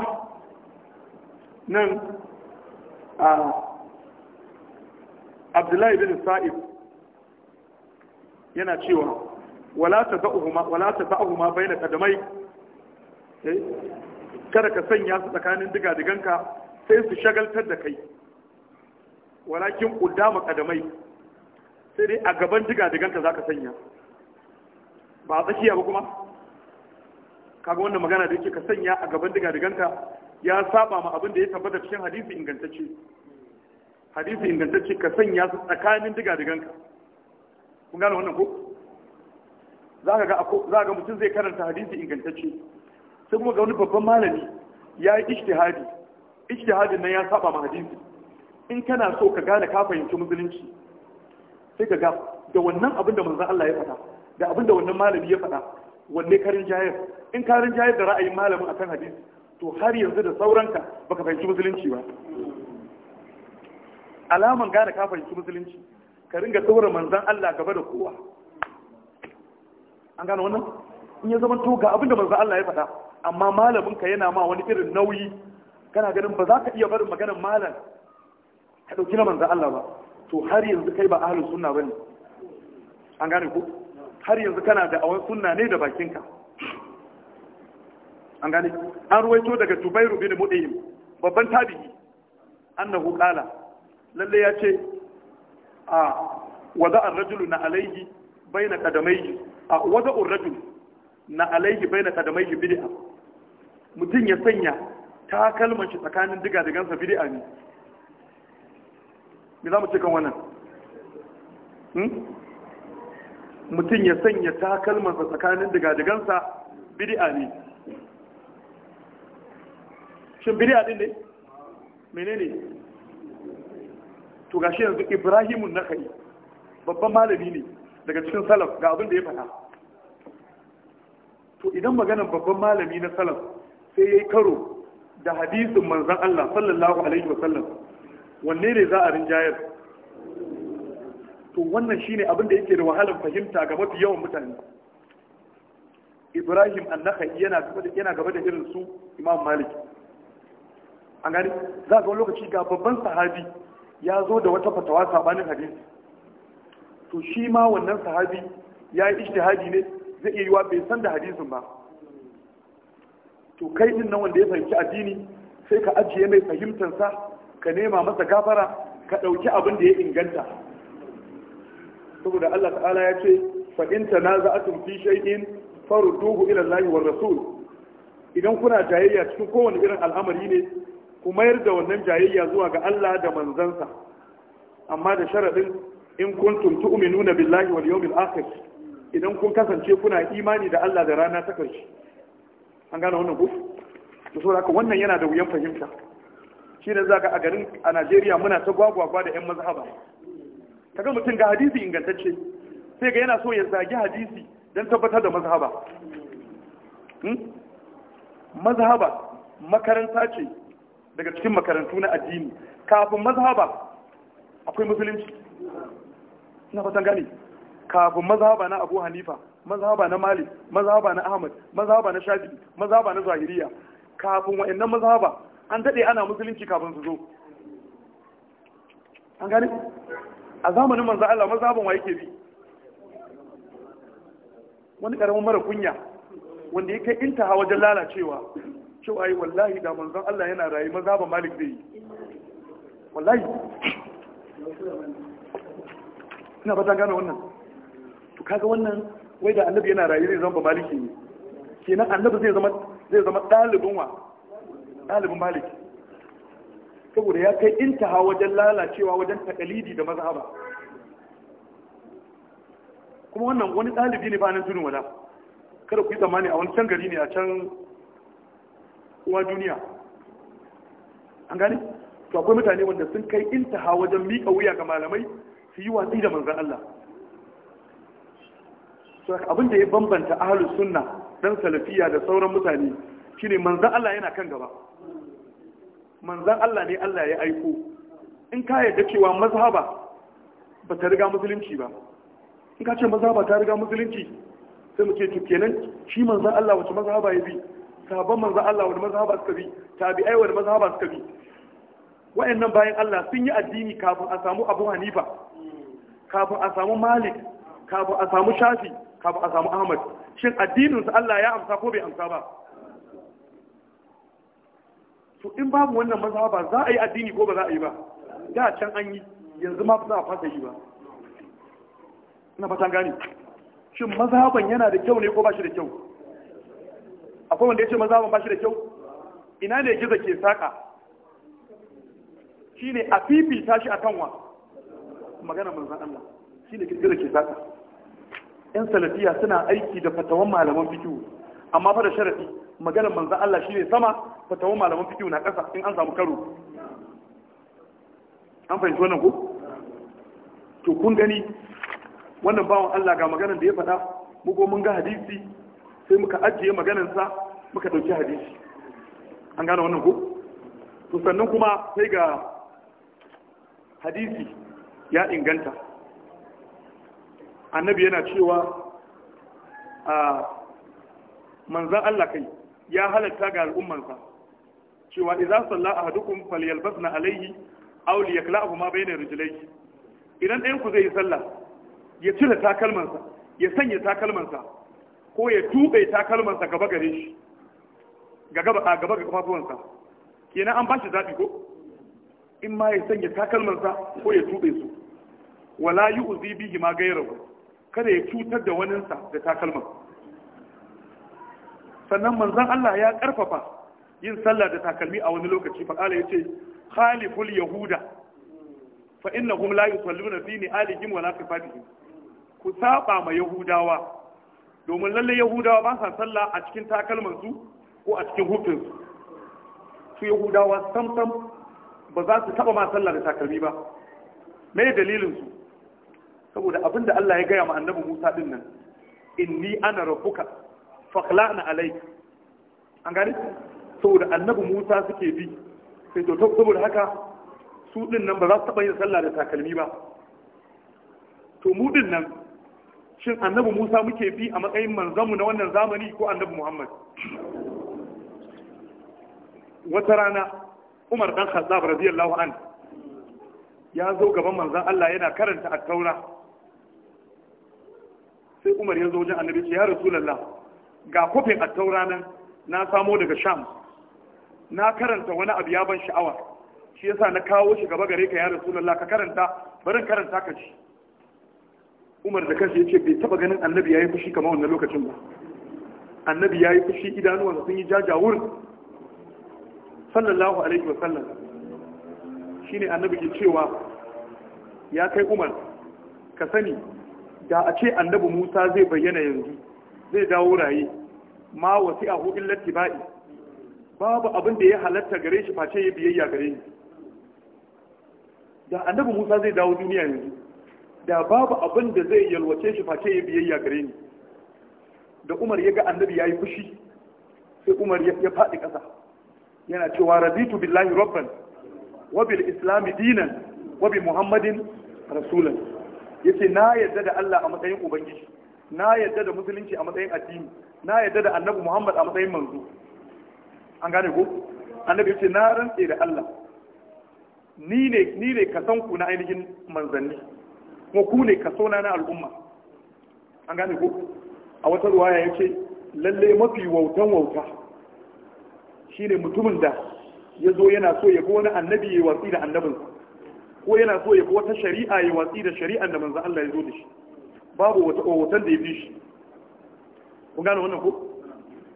nan a abdullahi bin Sa'id yana cewa wala ta ma bai da kadamai kada ka sanya su tsakanin digadiganka sai su shagaltar da kai walakin ƙudama kadamai sai dai a gaban digadiganka za ka sanya ba a tsakiya ba kuma kaga wannan magana da yake ka sanya a gaban diga diganta ya saba ma abin da ya tabbata cikin hadisi ingantacce hadisi ingantacce ka sanya su tsakanin diga diganka kun gane wannan ko za ka ga mutum zai karanta hadisi ingantacce sai kuma ga wani babban malami ya yi ijtihadi ijtihadin nan ya saba ma hadisi in kana so ka gane ka fahimci musulunci sai ka ga da wannan abin da manzon Allah ya faɗa da abinda wannan malami ya faɗa wanne karin jayar in karin jayar da ra'ayin malamin akan hadis to har yanzu da sauranka baka fahimci musulunci ba alaman gane ka fahimci musulunci ka ringa tsora manzan Allah gaba da kowa an gane wannan in ya zama to ga abinda manzan Allah ya faɗa amma malamin ka yana ma wani irin nauyi kana ganin ba za ka iya barin maganar malam ka ɗauki na manzan Allah ba to har yanzu kai ba ahlus sunna bane an gane ku har yanzu kana da awon sunna ne da bakinka an gane an ruwaito daga tubairu bin Mudayim babban tabi'i annahu qala lalle ya ce a wada ar-rajulu na alayhi baina qadamayhi a wada ar-rajul na alayhi baina qadamayhi bid'a mutun ya sanya takalman shi tsakanin diga digansa bid'a ne me za mu ce kan wannan hmm? mutum ya sanya takalmansa tsakanin digadigansa bidi'a ne shin bid'a din ne menene to gashi yanzu ibrahimun kai babban malami ne daga cikin salaf ga abin da ya faɗa to idan maganar babban malami na salaf sai ya yi karo da hadisin manzan Allah sallallahu alaihi wasallam wanne ne za a rinjayar to wannan shine abin da yake da wahalar fahimta ga mafi yawan mutane ibrahim annakai yana gaba da irin su imam malik an gani za ga lokaci ga babban sahabi ya zo da wata fatawa sabanin hadisi to shi ma wannan sahabi ya yi ijtihadi ne zai iya yiwa bai san da hadisin ba to kai din nan wanda ya fahimci addini sai ka ajiye mai fahimtar sa ka nema masa gafara ka ɗauki abin da ya inganta saboda Allah ta'ala ya ce fa in tanaza'atum fi shay'in farudduhu ila Allah wa rasul idan kuna jayayya cikin kowane irin al'amari ne ku mayar da wannan jayayya zuwa ga Allah da manzansa amma da sharadin in kuntum tu'minuna billahi wal yawmil akhir idan kun kasance kuna imani da Allah da rana ta karshe an gane wannan ku to saboda wannan yana da wuyan fahimta shi ne zaka a garin a Najeriya muna ta gwagwagwa da yan mazhaba kaga mutum ga hadisi ingantacce sai ga yana so ya zagi hadisi don tabbatar da mazhaba hmm? mazhaba makaranta ce daga cikin makarantu na addini kafin mazhaba akwai musulunci ina fatan gane kafin mazhaba na abu hanifa mazhaba na malik mazhaba na ahmad mazhaba na shafi mazhaba na zahiriya kafin wa'annan mazhaba an daɗe ana musulunci kafin su zo an gani a zamanin manzo Allah mazhabin wa yake bi wani karamin mara kunya wanda ya kai intaha wajen lalacewa cewa ai wallahi da manzo Allah yana rayu mazhabin Malik zai yi wallahi ina ba ta gane wannan to kaga wannan wai da annabi yana rayi zai zama maliki ne kenan annabi zai zama zai zama dalibin wa dalibin maliki saboda ya kai intaha wajen lalacewa wajen takalidi da mazhaba kuma wannan wani ɗalibi ne bayan tunin wada kada ku yi tsammani a wani can gari ne a can uwa duniya an gane to akwai mutane wanda sun kai intaha wajen miƙa wuya ga malamai su yi watsi da manzan Allah to abin da ya bambanta ahlus sunna dan salafiya da sauran mutane shine manzan Allah yana kan gaba manzan Allah ne Allah ya aiko in ka yarda cewa mazhaba ba ta riga musulunci ba in ka ce mazhaba ta riga musulunci sai muke ce to kenan shi manzan Allah wace mazhaba ya bi sabon manzan Allah wani mazhaba suka bi tabi'ai wani mazhaba suka bi wayannan bayan Allah sun yi addini kafin a samu Abu Hanifa kafin a samu Malik kafin a samu Shafi kafin a samu Ahmad shin addinin su Allah ya amsa ko bai amsa ba to in babu wannan mazhaba za a yi addini ko ba za a yi ba da can an yi yanzu ma za a fasa yi ba ina fatan gane shin mazhaban yana da kyau ne ko ba shi da kyau akwai wanda ya ce mazhaban ba shi da kyau ina ne gizo ke saka shine a fifita shi akan wa magana manzon Allah shine gizo ke saka yan salafiya suna aiki da fatawan malaman fikihu amma fa da sharafi. maganar manzan Allah shi ne sama fatawan malaman fikiyu na ƙasa in an samu karo an fahimci wannan ko to kun gani wannan bawan Allah ga maganar da ya faɗa mugo mun ga hadisi sai muka ajiye maganarsa muka ɗauki hadisi an gane wannan ko to sannan kuma sai ga hadisi ya inganta annabi yana cewa a ah, manzan Allah kai ya halatta ga al'ummarsa cewa idan salla ahadukum falyalbasna alayhi aw abu ma bayna rijlayhi idan ɗayan ku zai yi sallah ya cire takalmansa ya sanya takalmansa ko ya tuɓe takalmansa gaba gare shi ga gaba a gaba ga kafafuwansa kenan an bashi zaɓi ko in ma ya sanya takalmansa ko ya tuɓe su wala yu'zi bihi ma gairahu kada ya cutar da waninsa da takalmansa sannan manzon Allah ya karfafa yin sallah da takalmi a wani lokaci fa ya yace khaliful yahuda fa innahum la yusalluna fi ni'alihim wala sifatihim ku saba ma yahudawa domin lalle yahudawa ba sa sallah a cikin su ko a cikin hufinsu su yahudawa sam sam ba za su taba ma sallah da takalmi ba me dalilin su saboda abinda Allah ya gaya ma annabi Musa din inni ana rabbuka faklana alai an gani saboda annabi musa suke bi sai to saboda haka su din nan ba za su taɓa yin sallah da takalmi ba to mu din nan shin annabi musa muke bi a matsayin manzanmu na wannan zamani ko annabi muhammad wata rana umar dan khattab radiyallahu an ya zo gaban manzan Allah yana karanta at-taura sai umar ya zo wajen annabi ya rasulullah ga kofin attaura nan na samo daga sham na karanta wani abu ya ban sha'awa shi yasa na kawo shi gaba gare ka ya rasulullah ka karanta barin karanta ka ci umar da kansa yace bai taba ganin annabi yayi fushi kamar wannan lokacin ba annabi yayi fushi idanuwansa sun yi jajawur sallallahu alaihi wasallam shine annabi ke cewa ya kai umar ka sani da a ce annabi Musa zai bayyana yanzu zai dawo raye ma wasi a hukun lattiba'i babu abin da ya halatta gare shi face ya biyayya gare ni da annabi musa zai dawo duniya yanzu da babu abin da zai yalwace shi face ya biyayya gare ni da umar ya ga annabi ya yi fushi sai umar ya faɗi ƙasa yana cewa raditu billahi rabban wa bil islami dinan wa bi muhammadin rasulan yace na yarda da Allah a matsayin ubangiji na yadda da musulunci a matsayin addini na yadda da annabi muhammad a matsayin manzo an gane ko annabi ce na rantse da allah ni ne ni ne san ku na ainihin manzanni kuma ku ne ka na na al'umma an gane ko a wata ruwaya yace lalle mafi wautan wauta shine mutumin da ya zo yana so ya ga wani annabi ya watsi da annabinsa ko yana so ya ga wata shari'a ya watsi da shari'an da manzo Allah ya zo da shi babu wata kowatan da ya fi shi kun gane wannan ko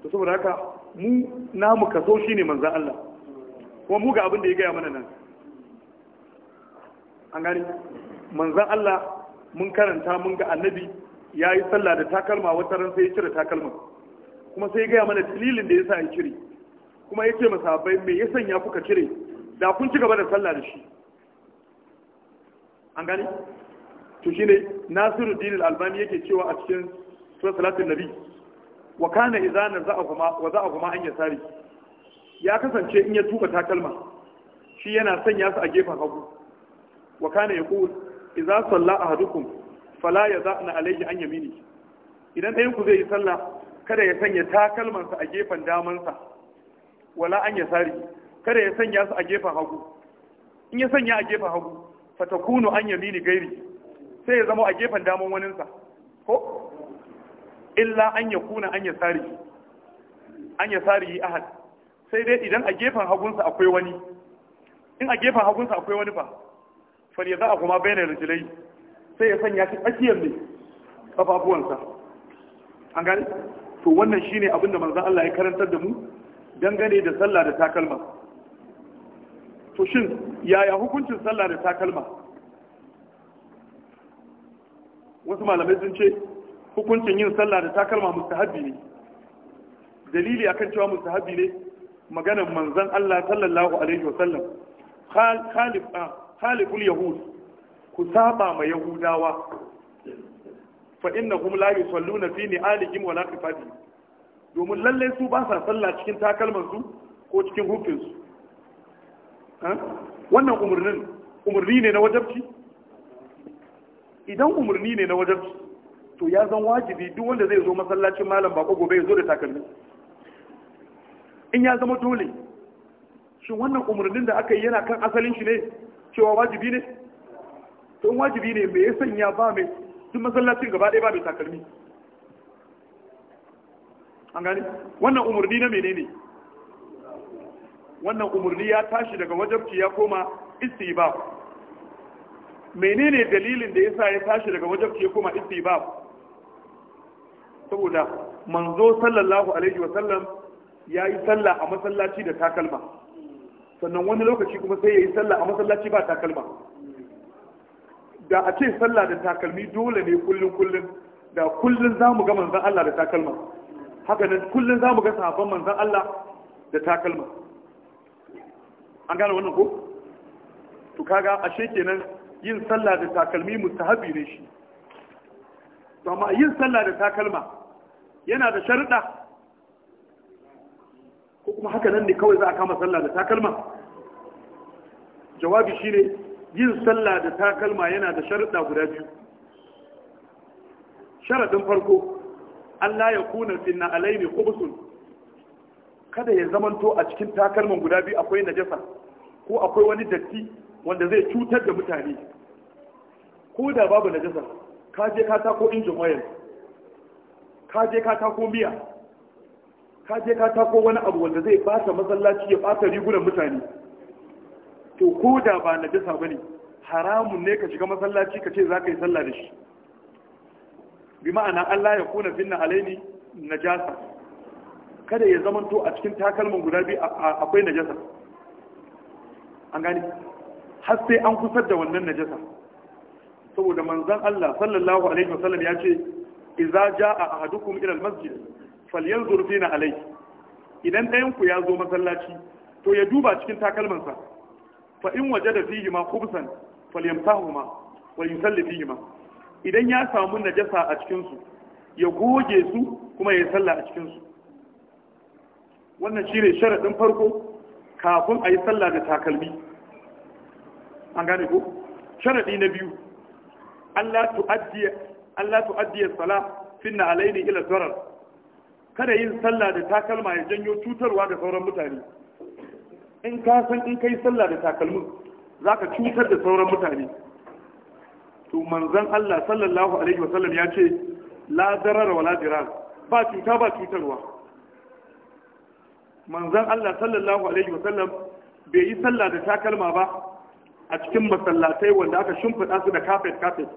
Ta saboda haka mu namu kaso shi ne manzan Allah kuma mu ga abin da ya gaya mana nan an gani manzan Allah mun karanta mun ga annabi ya yi sallah da takalma wata ran sai ya cire takalma kuma sai ya gaya mana dalilin da ya sa ya cire kuma ya ce masahabai me ya sanya kuka cire da kun ci gaba da sallah da shi an gani to shi Nasiru, Nasiruddin al-Albani yake cewa a cikin sura salatin nabi wa kana idza naza'ahuma wa kuma an yasari ya kasance in ya tuba takalma shi yana sanya su a gefen hagu wa kana yaqul idza salla ahadukum fala ya na alayhi an yamini idan ɗayan ku zai yi sallah kada ya sanya takalmansa a gefen damansa wala an yasari kada ya sanya su a gefen hagu in ya sanya a gefen hagu fatakunu an yamini gairi sai ya zama a gefen damon waninsa ko illa an ya kuna an ya tsari an ya yi ahad sai dai idan a gefen hagunsa akwai wani in a gefen hagunsa akwai wani fa fal ya za a kuma bayyana rijilai sai ya sanya shi tsakiyar ne kafafuwansa an gani to wannan shine abinda manzan Allah ya karantar da mu dangane da sallah da takalma to shin yaya hukuncin sallah da takalma wasu malamai sun ce hukuncin yin sallah da takalma mustahabi ne dalili akan cewa mustahabi ne maganar manzon Allah sallallahu alaihi wasallam khalif ah, yahud ku saba ma yahudawa fa innahum la yusalluna fi ni'alihim wala qifadi domin lalle su ba sa sallah cikin takalman su ko cikin hukuncin su wannan umurnin umurni ne na wajabci idan umarni ne na wajen to ya zan wajibi duk wanda zai zo masallacin malam bako gobe ya zo da takalmi in ya zama dole shin wannan umarnin da aka yi yana kan asalin shi ne cewa wajibi ne to in wajibi ne me ya sanya ba mai duk masallacin gaba ɗaya ba mai takalmi an gani wannan umarni na menene wannan umarni ya tashi daga wajabci ya koma istihbab menene dalilin da yasa ya tashi daga wajabci ya koma istibab saboda manzo sallallahu alaihi wa sallam ya yi sallah a masallaci da takalma sannan wani lokaci kuma sai ya yi sallah a masallaci ba takalma da a ce sallah da takalmi dole ne kullum kullum da kullum za mu ga manzan Allah da takalma haka nan kullum za mu ga sahabban manzan Allah da takalma an gane wannan ko to kaga ashe kenan yin sallah da takalmi mustahabi ne shi to amma yin sallah da takalma yana da sharuɗa ko kuma haka nan ne kawai za a kama sallah da takalma jawabi shine yin sallah da takalma yana da sharuɗa guda biyu sharaɗin farko Allah ya kuna sinna alaini kubusun kada ya zamanto a cikin takalman guda biyu akwai najasa ko akwai wani datti wanda zai cutar da mutane ko da babu najasa ka je ka tako injin oil ka je ka tako miya ka je ka tako wani abu wanda zai bata masallaci ya bata rigunan mutane to ko da ba najasa bane haramun ne ka shiga masallaci ka ce za ka yi sallah da shi bi ma'ana Allah ya kuna finna alaini najasa kada ya zamanto a cikin takalman guda biyu akwai najasa an gani har sai an kusar da wannan najasa saboda manzon Allah sallallahu alaihi wasallam ya ce idza jaa ahadukum ila almasjid falyanzur fina alayhi idan ɗayan ku ya zo masallaci to ya duba cikin takalmansa fa in wajada fihi ma khubsan falyamtahuma wa yusalli fihi ma idan ya samu najasa a cikin su ya goge su kuma ya salla a cikin su wannan shine sharadin farko kafin a yi sallah da takalmi an gane ko sharadi na biyu Allah tu'addiya Allah tu'addiya sala finna alaini ila zarar kada yin sallah da takalma ya janyo cutarwa ga sauran mutane in ka san in kai sallah da takalmin zaka cutar da sauran mutane to manzon Allah sallallahu alaihi wasallam ya ce la zarar wa la dirar ba cuta ba cutarwa manzon Allah sallallahu alaihi wasallam bai yi sallah da takalma ba a cikin masallatai wanda aka shimfiɗa su da kafet kafet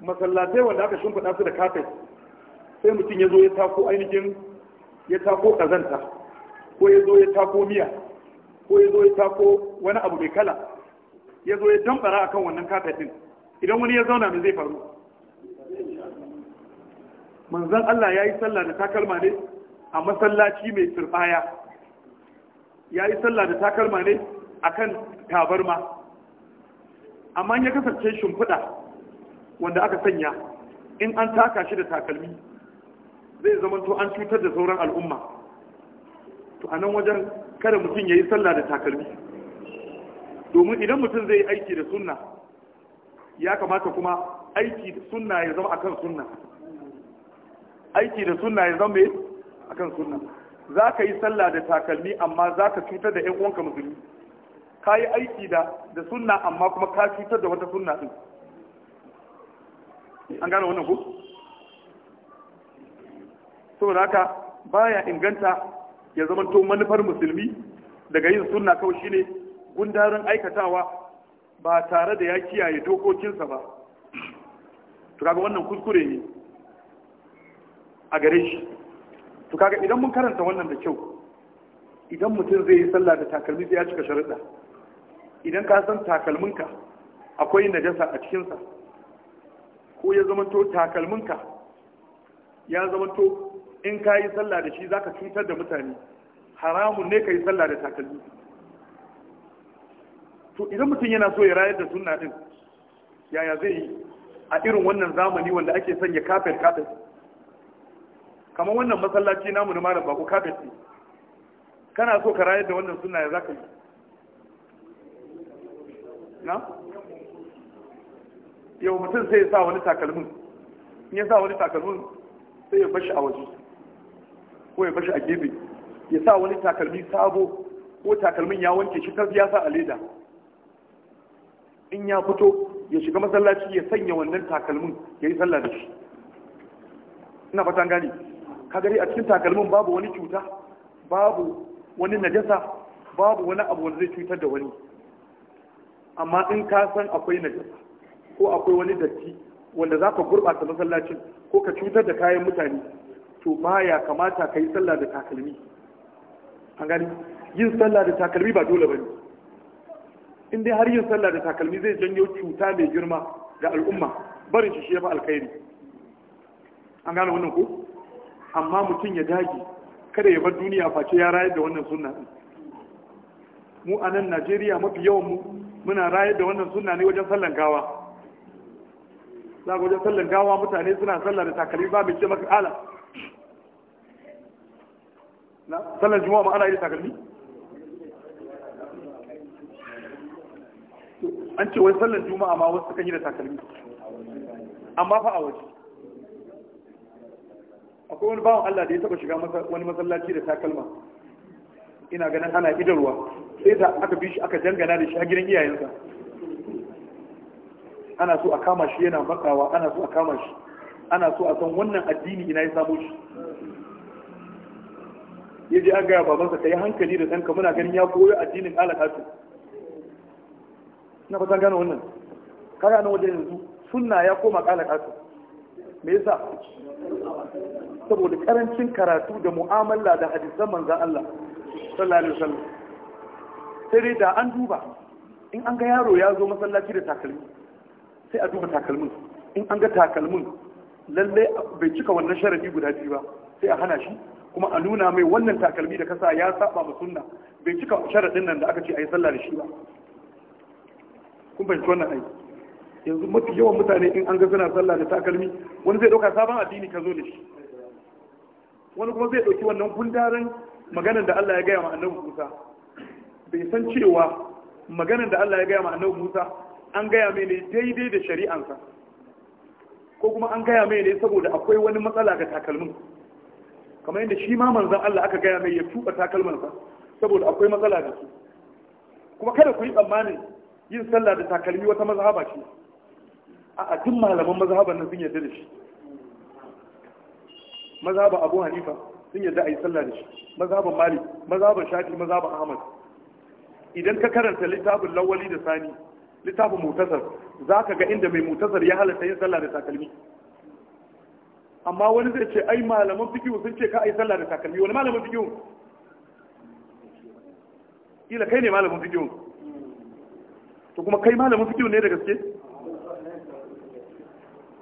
masallatai wanda aka shimfiɗa su da kafet sai mutum ya zo ya tako ainihin ya tako kazanta ko ya zo ya tako miya ko ya zo ya tako wani abu mai kala ya zo ya dambara akan wannan kafetin idan wani ya zauna mai zai faru manzon Allah ya yi sallah da takalma ne a masallaci mai turbaya ya yi sallah da takalma ne akan tabarma amma ya kasance shimfiɗa wanda aka sanya in an taka shi da takalmi zai zama to an cutar da sauran al'umma to a nan wajen kada mutum ya yi sallah da takalmi domin idan mutum zai yi aiki da sunna ya kamata kuma aiki da sunna ya zama akan sunna aiki da sunna ya zama akan sunna za ka yi sallah da takalmi amma za ka cutar da 'yan uwanka musulmi ka yi aiki da da sunna amma kuma ka cutar da wata sunna din an gane wannan ku da haka baya inganta ya zama to manufar musulmi daga yin sunna kawai shine gundarin aikatawa ba tare da ya kiyaye dokokinsa ba to kaga wannan kuskure ne a gare shi to kaga idan mun karanta wannan da kyau idan mutum zai yi sallah da takalmi sai ya cika sharuɗa idan ka san takalminka akwai najasa a cikinsa ko ya zamanto takalminka ya zamanto in ka yi sallah da shi za ka cutar da mutane haramun ne ka yi sallah da takalmi to idan mutum yana so ya rayar da sunna din yaya zai yi a irin wannan zamani wanda ake sanya kafet kafet kamar wannan masallaci namu na malam bako kafet ne kana so ka rayar da wannan sunna ya zaka yi na yau mutum sai ya sa wani takalmin in ya sa wani takalmin sai ya bashi a waje ko ya bashi a gefe ya sa wani takalmi sabo ko takalmin ya wanke shi tas ya sa a leda in ya fito ya shiga masallaci ya sanya wannan takalmin ya yi sallah da shi ina fatan gani ka gari a cikin takalmin babu wani cuta babu wani najasa babu wani abu wanda zai cutar da wani amma in ka san akwai najasa ko akwai wani datti wanda za ka gurɓata masallacin ko ka cutar da kayan mutane to ba ya kamata ka yi sallah da takalmi an gani yin sallah da takalmi ba dole ba ne in dai har yin sallah da takalmi zai janyo cuta mai girma ga al'umma barin shi shi ya fi alkhairi an gane wannan ko amma mutum ya dage kada ya bar duniya face ya rayar da wannan sunna mu a nan najeriya mafi yawan mu muna rayar da wannan sunna ne wajen sallan gawa za wajen sallan gawa mutane suna sallah da takalmi ba mai ce maka ala na sallan juma'a ma ana yi takalmi an ce wai sallan juma'a ma wasu kan yi da takalmi amma fa a waje akwai wani bawan Allah da ya taba shiga wani masallaci da takalma ina ganin ana idarwa sai da aka bi shi aka jangana da shi a gidan iyayensa ana so a kama shi yana makawa ana so a kama shi ana so a san wannan addini ina ya samo shi ya ji an gaya babansa ka yi hankali da ɗanka muna ganin ya koyo addinin alaƙatu na fasan gano wannan 'Ka na wajen yanzu sunna ya koma alaƙatu me yasa saboda karancin karatu da mu'amala da hadisan manzan Allah sallallahu alaihi wasallam sai dai da an duba in an ga yaro ya zo masallaci da takalmi sai a duba takalmin in an ga takalmin lalle bai cika wannan sharadi guda biyu ba sai a hana shi kuma a nuna mai wannan takalmi da kasa ya saba ma sunna bai cika sharadin nan da aka ce a yi sallah da shi ba kun fahimci wannan aiki yanzu mafi yawan mutane in an ga suna sallah da takalmi wani zai dauka sabon addini ka zo da shi wani kuma zai dauki wannan gundarin maganar da Allah ya gaya wa annabi Musa bai san cewa maganar da Allah ya gaya ma annabi Musa an gaya mai ne daidai da shari'ansa ko kuma an gaya mai ne saboda akwai wani matsala ga takalmin kamar yadda shi ma manzon Allah aka gaya mai ya tuba takalminsa saboda akwai matsala da su kuma kada ku yi tsammanin yin sallah da takalmi wata mazhaba ce a duk malaman mazhaban nan sun yarda da shi mazhaban Abu Hanifa sun yarda a yi sallah da shi mazhaban Malik mazhaban Shafi mazhaban Ahmad idan ka karanta littafin lawali da sani littafin mutasar za ka ga inda mai mutasar ya halatta yin sallah da takalmi amma wani zai ce ai malaman fikihu sun ce ka ai sallah da takalmi wani malaman fikihu Ila kai ne malamin fikihu to kuma kai malamin fikihu ne da gaske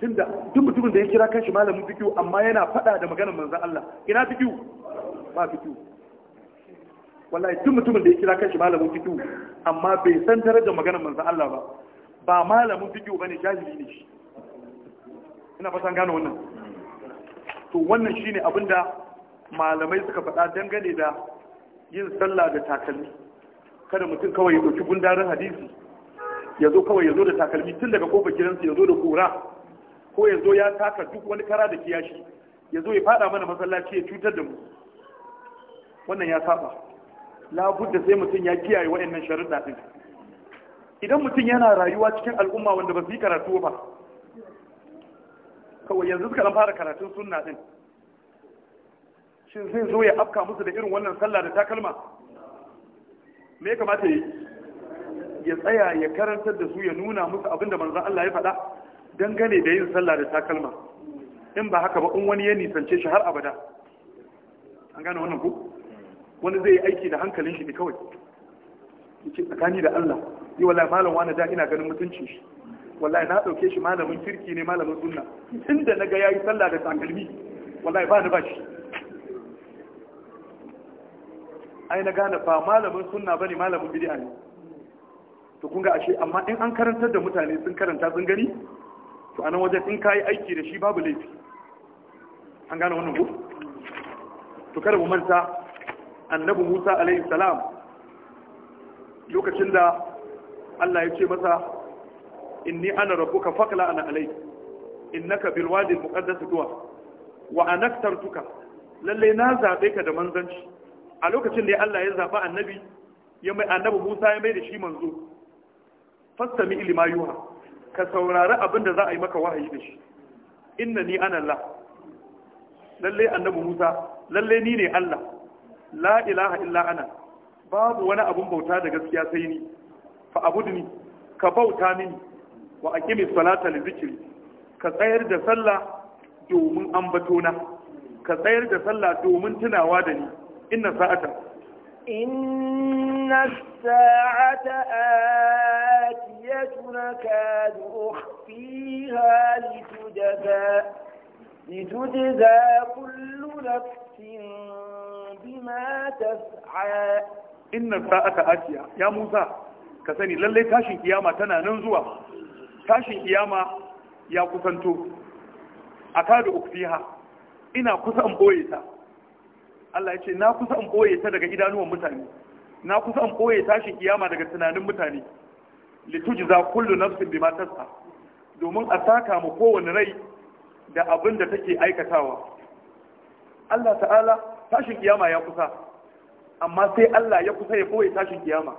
tunda duk mutumin da ya kira kanshi malamin fikiyu amma yana fada da maganar manzon Allah ina fikiyu ba fikiyu wallahi duk mutumin da ya kira kanshi malamin fiqh amma bai san daraja maganar manzo Allah ba ba malamin fiqh bane jahili ne shi ina fatan gane wannan to wannan shine abinda malamai suka faɗa dangane da yin sallah da takalmi kada mutum kawai ya dauki gundarin hadisi ya zo kawai ya zo da takalmi tun daga kofar gidansa ya zo da kura ko ya zo ya taka duk wani kara da kiyashi ya zo ya faɗa mana masallaci ya cutar da mu wannan ya saba labudda sai mutum ya kiyaye wa'annan sharuɗa ɗin idan mutum yana rayuwa cikin al'umma wanda ba su yi karatu ba kawai yanzu suka fara karatun sunna ɗin shin zai zo ya afka musu da irin wannan sallah da takalma me ya kamata yi ya tsaya ya karantar da su ya nuna musu abin da manzan Allah ya faɗa dangane da yin sallah da takalma in ba haka ba in wani ya nisance shi har abada an gane wannan ku wani zai yi aiki da hankalin shi ne kawai yake tsakani da Allah yi wallahi malam wani da ina ganin mutunci shi wallahi na dauke shi malamin kirki ne malamin sunna inda naga yayi sallah da tsangalmi. wallahi ba ni ba shi ai na gane ba malamin sunna bane malamin bid'a ne to kun ga ashe amma in an karantar da mutane sun karanta sun gani to anan wajen in kai aiki da shi babu laifi an gane wannan ko to kada mu manta annabi Musa alaihi salam lokacin da Allah ya ce masa inni ana rabbuka faqla ana alai innaka bil wadi al muqaddas tuwa wa ana lalle na zabe ka da manzanci a lokacin da Allah ya zaba annabi ya mai annabi Musa ya mai da shi manzo fastami ilma yuha ka saurari abinda da za a yi maka wahayi da shi inna ni ana Allah lalle annabi Musa lalle ni ne Allah la ilaha illa ana babu wani abun bauta da gaskiya sai ni fa abudni ka bauta mini wa aqimi salata li ka tsayar da sallah domin ambatona ka tsayar da sallah domin tunawa da ni inna sa'ata inna sa'ata atiyatun kad ukhfiha litujza litujza kullu nafsin بما تسعى إن الساعة آتية يا موسى كسني للي تاشي قيامة تنا ننزوا تاشي قيامة يا كسنتو ukfiha Ina kusan boye ta. Allah ya ce na kusan boye ta daga idanuwan mutane na kusan boye tashin kiyama daga tunanin mutane litujza kullu nafsin bima tas'a domin a saka mu kowane rai da abin da take aikatawa Allah ta'ala tashin kiyama ya kusa amma sai Allah ya kusa ya koyi tashin kiyama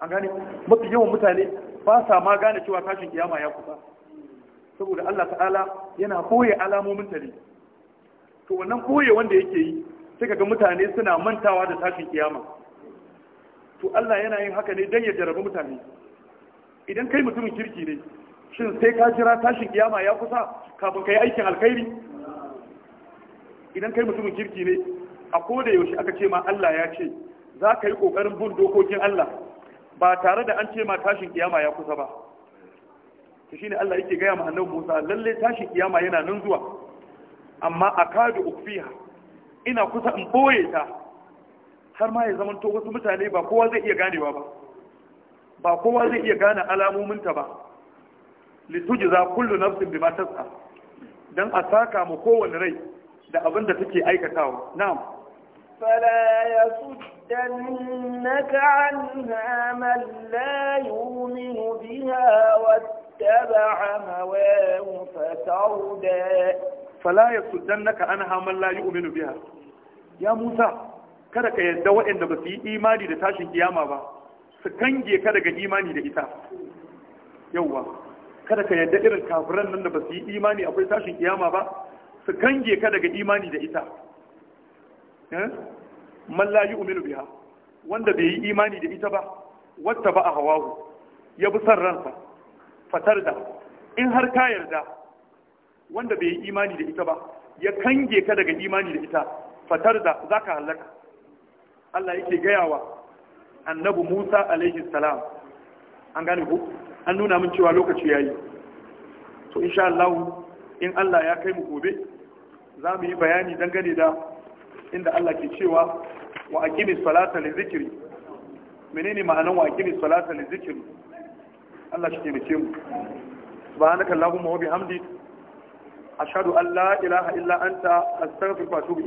A gane mafi yawan mutane ba sa ma gane cewa tashin kiyama ya kusa saboda Allah ta'ala yana koye alamomin ta to wannan koye wanda yake yi sai ga mutane suna mantawa da tashin kiyama to Allah yana yin haka ne don ya jarabi mutane idan kai mutumin kirki ne shin sai ka jira tashin kiyama ya kusa kafin ka yi aikin alkhairi idan kai mutumin kirki ne a koda yaushe aka ce ma Allah ya ce za ka yi kokarin bin dokokin Allah ba tare da an ce ma tashin kiyama ya kusa ba to shine Allah yake gaya ma annabi Musa lalle tashin kiyama yana nan zuwa amma a akadu ukfiha ina kusa in boye ta har ma ya zamanto wasu mutane ba kowa zai iya ganewa ba ba kowa zai iya gane alamomin ta ba litujza kullu nafsin bima tas'a dan a saka mu kowanne rai da abin da take aikatawa na'am فلا يصدنك عنها من لا يؤمن بها واتبع هواه فتردى فلا يصدنك عنها من لا يؤمن بها Ya Musa, kada ka yadda waɗanda ba su yi imani da tashin kiyama ba su kange ka daga imani da ita yauwa kada ka yadda irin kafiran nan da ba su yi imani akwai tashin kiyama ba su kange ka daga imani da ita eh? man la yu'minu biha wanda bai yi imani da ita ba wata ba a hawahu ya bi san ransa fatar da in har ka yarda wanda bai yi imani da ita ba ya kange ka daga imani da ita fatar da za ka halaka Allah yake gayawa annabi Musa alaihi salam an gane ku an nuna min cewa lokaci yayi to insha Allah in Allah ya kai mu gobe za mu yi bayani dangane da inda Allah ke cewa wa aqimi salata li zikri menene ma'anar wa aqimi salata li zikri Allah shi ke da mu subhanaka allahumma wa Hamdi a an Allah ilaha illa anta a wa atubu